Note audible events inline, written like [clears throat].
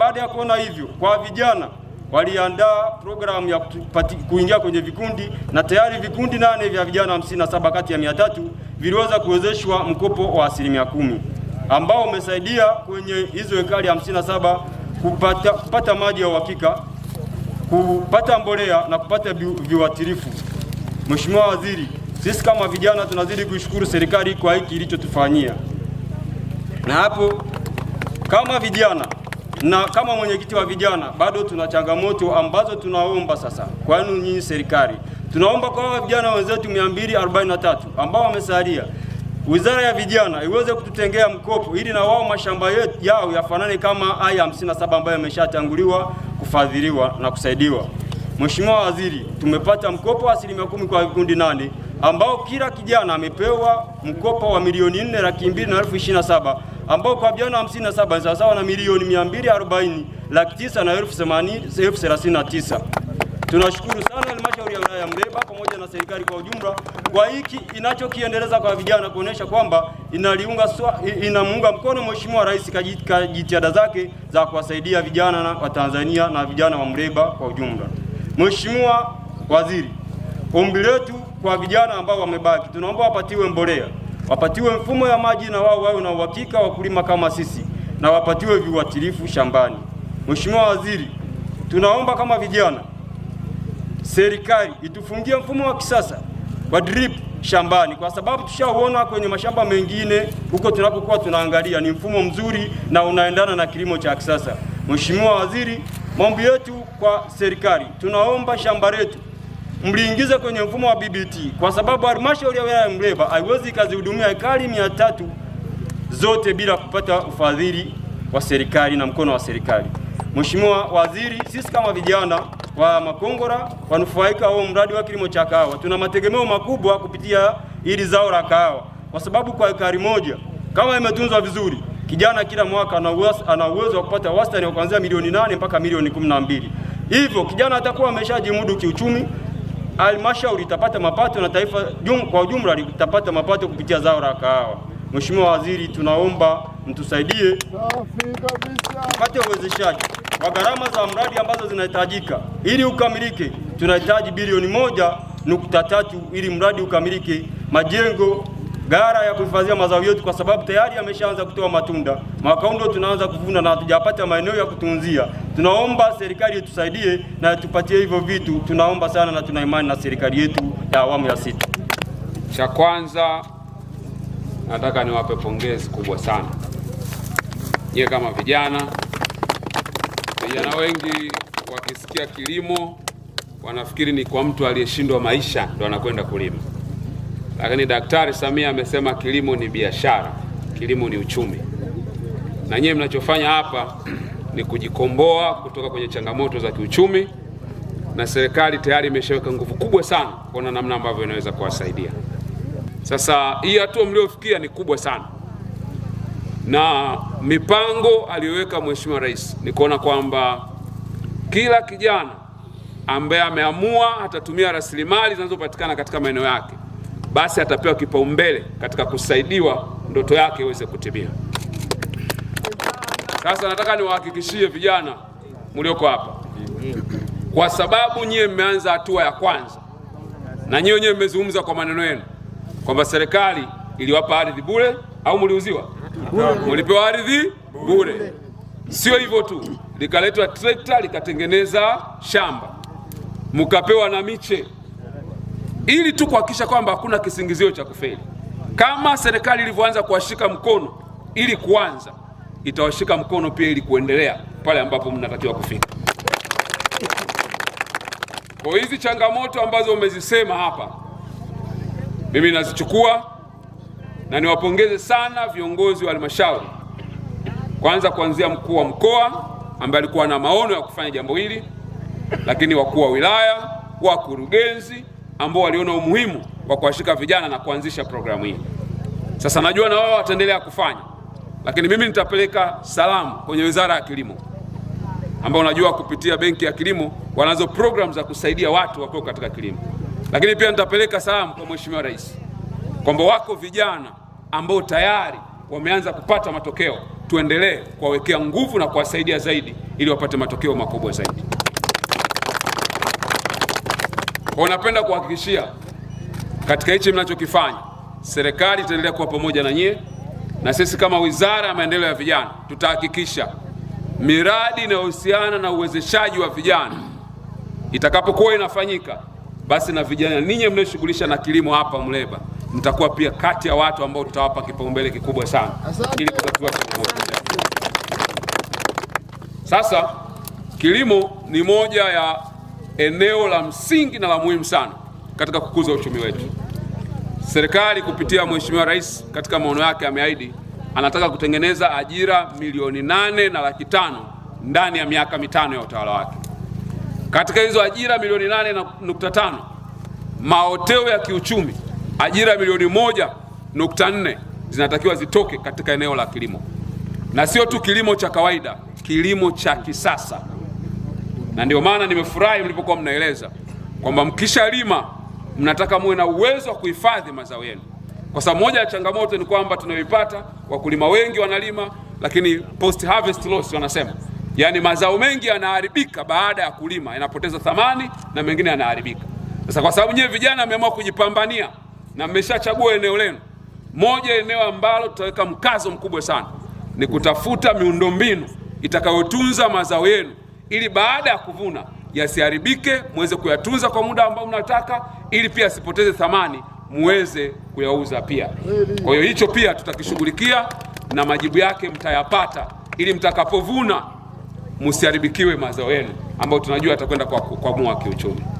Baada ya kuona hivyo, kwa vijana waliandaa programu ya pati, kuingia kwenye vikundi na tayari vikundi nane vya vijana hamsini na saba kati ya mia tatu viliweza kuwezeshwa mkopo wa asilimia kumi ambao umesaidia kwenye hizo hekari hamsini na saba kupata, kupata maji ya uhakika, kupata mbolea na kupata viuatilifu. Mheshimiwa Waziri, sisi kama vijana tunazidi kuishukuru serikali kwa hiki ilichotufanyia, na hapo kama vijana na kama mwenyekiti wa vijana bado tuna changamoto ambazo tunaomba sasa kwani nyinyi serikali, tunaomba kwa vijana wenzetu 243 ambao wamesalia, wizara ya vijana iweze kututengea mkopo ili na wao mashamba yetu yao yafanane kama haya 57 ambayo yameshatanguliwa kufadhiliwa na kusaidiwa. Mheshimiwa Waziri, tumepata mkopo wa asilimia kumi kwa vikundi nane ambao kila kijana amepewa mkopo wa milioni nne laki mbili na elfu ishirini na saba ambao kwa vijana 57 ni sawasawa na milioni 240 laki tisa na elfu 39. Tunashukuru sana halmashauri ya wilaya ya Muleba pamoja na serikali kwa ujumla kwa hiki inachokiendeleza kwa vijana kuonesha kwamba inaliunga inamuunga mkono Mheshimiwa Rais katika jitihada zake za kuwasaidia vijana wa Tanzania na vijana wa Muleba kwa ujumla. Mheshimiwa Waziri, ombi letu kwa vijana ambao wamebaki, tunaomba wapatiwe mbolea wapatiwe mfumo ya maji na wao wawe na uhakika wa kulima kama sisi na wapatiwe viuatilifu shambani. Mheshimiwa Waziri, tunaomba kama vijana, serikali itufungie mfumo wa kisasa wa drip shambani kwa sababu tushauona kwenye mashamba mengine huko tunapokuwa tunaangalia, ni mfumo mzuri na unaendana na kilimo cha kisasa. Mheshimiwa Waziri, maombi yetu kwa serikali, tunaomba shamba letu mliingiza kwenye mfumo wa BBT kwa sababu halmashauri ya wilaya ya Mleba haiwezi ikazihudumia ekari mia tatu zote bila kupata ufadhili wa serikali na mkono wa serikali. Mheshimiwa Waziri, sisi kama vijana wa Makongora wanufaika wa mradi wa kilimo cha kahawa tuna mategemeo makubwa kupitia ili zao la kahawa, kwa sababu kwa ekari moja kama imetunzwa vizuri, kijana kila mwaka ana uwezo wa kupata wastani wa kuanzia milioni nane mpaka milioni kumi na mbili. Hivyo kijana atakuwa ameshajimudu kiuchumi halmashauri itapata mapato na taifa jum, kwa ujumla litapata mapato kupitia zao la kahawa. Mheshimiwa Waziri, tunaomba mtusaidie upate uwezeshaji wa gharama za mradi ambazo zinahitajika ili ukamilike. Tunahitaji bilioni moja nukta tatu ili mradi ukamilike, majengo gara ya kuhifadhia mazao yetu, kwa sababu tayari yameshaanza kutoa matunda. Mwaka huu ndio tunaanza kuvuna na hatujapata maeneo ya kutunzia. Tunaomba serikali itusaidie na tupatie hivyo vitu, tunaomba sana na tuna imani na serikali yetu ya awamu ya sita. Cha kwanza nataka niwape pongezi kubwa sana nyie kama vijana. Vijana wengi wakisikia kilimo wanafikiri ni kwa mtu aliyeshindwa maisha ndo anakwenda kulima. Lakini Daktari Samia amesema kilimo ni biashara, kilimo ni uchumi, na nyiye mnachofanya hapa [clears throat] ni kujikomboa kutoka kwenye changamoto za kiuchumi, na serikali tayari imeshaweka nguvu kubwa sana kuona namna ambavyo inaweza kuwasaidia. Sasa hii hatua mliofikia ni kubwa sana, na mipango aliyoweka Mheshimiwa Rais ni kuona kwamba kila kijana ambaye ameamua atatumia rasilimali zinazopatikana katika maeneo yake basi atapewa kipaumbele katika kusaidiwa ndoto yake iweze kutimia. Sasa nataka niwahakikishie vijana mlioko hapa, kwa sababu nyie mmeanza hatua ya kwanza na nyie wenyewe mmezungumza kwa maneno yenu kwamba serikali iliwapa ardhi bure au muliuziwa? Mulipewa ardhi bure. Sio hivyo tu, likaletwa trekta likatengeneza shamba, mkapewa na miche ili tu kuhakikisha kwamba hakuna kisingizio cha kufeli. Kama serikali ilivyoanza kuwashika mkono ili kuanza, itawashika mkono pia ili kuendelea pale ambapo mnatakiwa kufika. Kwa hizi changamoto ambazo umezisema hapa, mimi nazichukua na niwapongeze sana viongozi wa halmashauri, kwanza kuanzia mkuu wa mkoa ambaye alikuwa na maono ya kufanya jambo hili, lakini wakuu wa wilaya, wakurugenzi ambao waliona umuhimu wa kuwashika vijana na kuanzisha programu hii. Sasa najua na wao wataendelea kufanya, lakini mimi nitapeleka salamu kwenye Wizara ya Kilimo ambao najua kupitia Benki ya Kilimo wanazo programu za kusaidia watu wakiwa katika kilimo, lakini pia nitapeleka salamu kwa Mheshimiwa Rais kwamba wako vijana ambao tayari wameanza kupata matokeo, tuendelee kuwawekea nguvu na kuwasaidia zaidi ili wapate matokeo makubwa zaidi. Kwa napenda kuhakikishia katika hichi mnachokifanya, serikali itaendelea kuwa pamoja na nyie, na sisi kama Wizara ya Maendeleo ya Vijana tutahakikisha miradi inayohusiana na uwezeshaji wa vijana itakapokuwa inafanyika, basi na vijana ninyi mnaoshughulisha na kilimo hapa Muleba mtakuwa pia kati ya watu ambao tutawapa kipaumbele kikubwa sana ili kutatua Sasa kilimo ni moja ya eneo la msingi na la muhimu sana katika kukuza uchumi wetu. Serikali kupitia Mheshimiwa Rais katika maono yake ameahidi anataka kutengeneza ajira milioni nane na laki tano ndani ya miaka mitano ya utawala wake. Katika hizo ajira milioni nane na nukta tano maoteo ya kiuchumi ajira milioni moja nukta nne zinatakiwa zitoke katika eneo la kilimo, na sio tu kilimo cha kawaida, kilimo cha kisasa na ndio maana nimefurahi mlipokuwa mnaeleza kwamba mkishalima mnataka muwe na uwezo wa kuhifadhi mazao yenu, kwa sababu moja ya changamoto ni kwamba tunayoipata, wakulima wengi wanalima, lakini post harvest loss wanasema, yaani mazao mengi yanaharibika baada ya kulima, yanapoteza thamani na mengine yanaharibika. Sasa kwa sababu nyewe vijana mmeamua kujipambania na mmeshachagua eneo lenu, moja eneo ambalo tutaweka mkazo mkubwa sana ni kutafuta miundombinu itakayotunza mazao yenu ili baada ya kuvuna yasiharibike, muweze kuyatunza kwa muda ambao mnataka, ili pia asipoteze thamani, muweze kuyauza pia. Kwa hiyo hicho pia tutakishughulikia na majibu yake mtayapata, ili mtakapovuna msiharibikiwe mazao yenu ambayo tunajua yatakwenda kwa kukwamua kiuchumi.